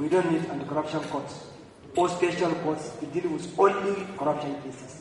We don't need anti corruption courts or special courts to deal with only corruption cases.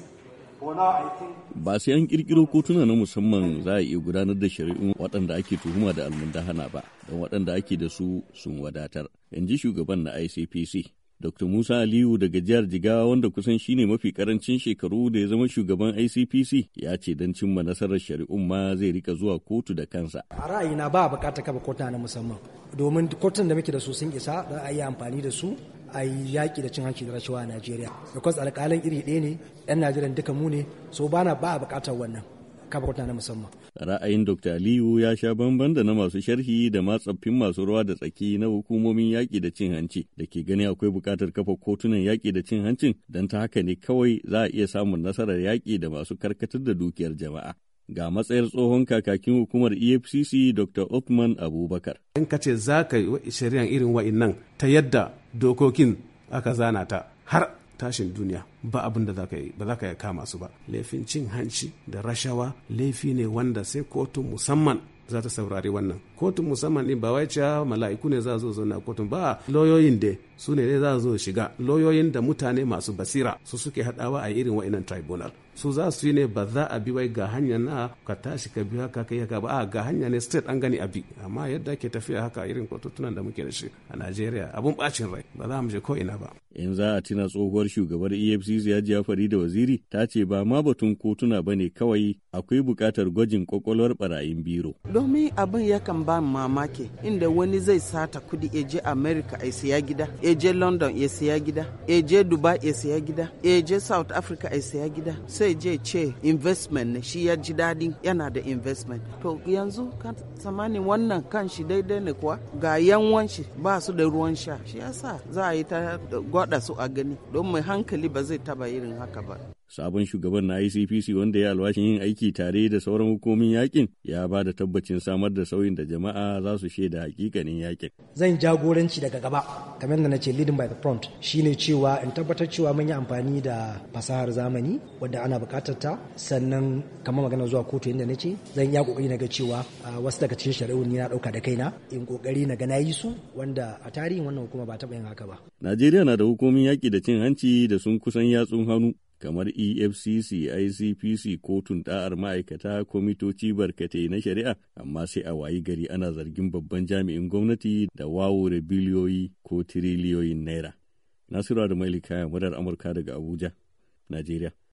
Ba sai an kirkiro kotuna na musamman za a iya gudanar da shari'un waɗanda ake tuhuma da almundahana ba, don waɗanda ake da su sun wadatar, in ji shugaban na ICPC. Dr. Musa Aliyu daga jihar Jigawa wanda kusan ne mafi karancin shekaru da ya zama shugaban ICPC ya ce don cimma nasarar shari'un ma zai rika zuwa kotu da kansa. A ra'ayina ba bukatar kafa kotuna na musamman domin kotun da muke da su sun isa don a yi amfani da su a yi yaƙi da cin hanci da rashawa a Najeriya. Because alƙalin iri ɗaya ne, 'yan Najeriya duka mu ne, so bana ba a bukatar wannan. kafa na musamman. Ra'ayin Dr. Aliyu ya sha bamban da na masu sharhi da ma masu ruwa da tsaki na hukumomin yaƙi da cin hanci da ke gani akwai buƙatar kafa kotunan yaƙi da cin hancin don ta haka ne kawai za a iya samun nasarar yaƙi da masu karkatar da dukiyar jama'a. ga matsayar tsohon kakakin hukumar efcc dr othman abubakar in ka ce za ka yi shari'an irin nan ta yadda dokokin aka zana ta har tashin duniya ba abin da ba za ka kama su ba laifin cin hanci da rashawa laifi ne wanda sai kotun musamman za ta saurari wannan kotun musamman din ba wai cewa mala'iku ne za zo zauna kotun ba lauyoyin da su ne za zo shiga lauyoyin da mutane masu basira su suke hadawa a irin wa'inan tribunal su za su yi ne ba za a bi wai ga hanya na ka tashi ka biya ka kai ka ba a ga hanya ne state an gani a bi amma yadda ke tafiya haka irin kotutunan da muke da shi a Najeriya abun bacin rai ba za mu je ko ina ba in za a tuna tsohuwar shugabar efcc ya hajiya da waziri ta ce ba ma batun kotuna ba ne kawai akwai bukatar gwajin kwakwalwar barayin biro domin abin yakan ba mamaki inda wani zai sata kudi ya je america ya siya gida ya je london ya siya gida ya je dubai ya siya gida ya je south africa ya siya gida sai je ce investment ne shi ya ji dadi yana da investment to yanzu kan tsammanin wannan kan shi daidai ne kuwa ga yan wanshi ba su da ruwan sha shi yasa za a yi ta faɗa su a gani don mai hankali ba zai taba irin haka ba. Sabon shugaban na ICPC wanda ya alwashin yin aiki tare da sauran hukumin yakin ya ba da tabbacin samar da sauyin da jama'a za su shaida hakikanin yakin. Zan jagoranci daga gaba kamar da na ce leading by the front ne cewa in tabbatar cewa mun yi amfani da fasahar zamani wadda ana bukatar ta sannan kamar magana zuwa kotu inda na ce zan yi kokari na ga cewa ah, wasu daga cikin shari'u ni na dauka da kaina in kokari na ga na yi su wanda a tarihin wannan hukuma ba taba yin haka ba. Najeriya na da hukumin yaƙi da cin hanci da sun kusan yatsun hannu kamar EFCC, ICPC, kotun ɗa'ar ma'aikata, kwamitoci barkatai na shari'a, amma sai a wayi gari ana zargin babban jami'in gwamnati da wawure biliyoyi ko tiriliyoyin naira. Nasiru da Maili murar Amurka daga Abuja, Najeriya.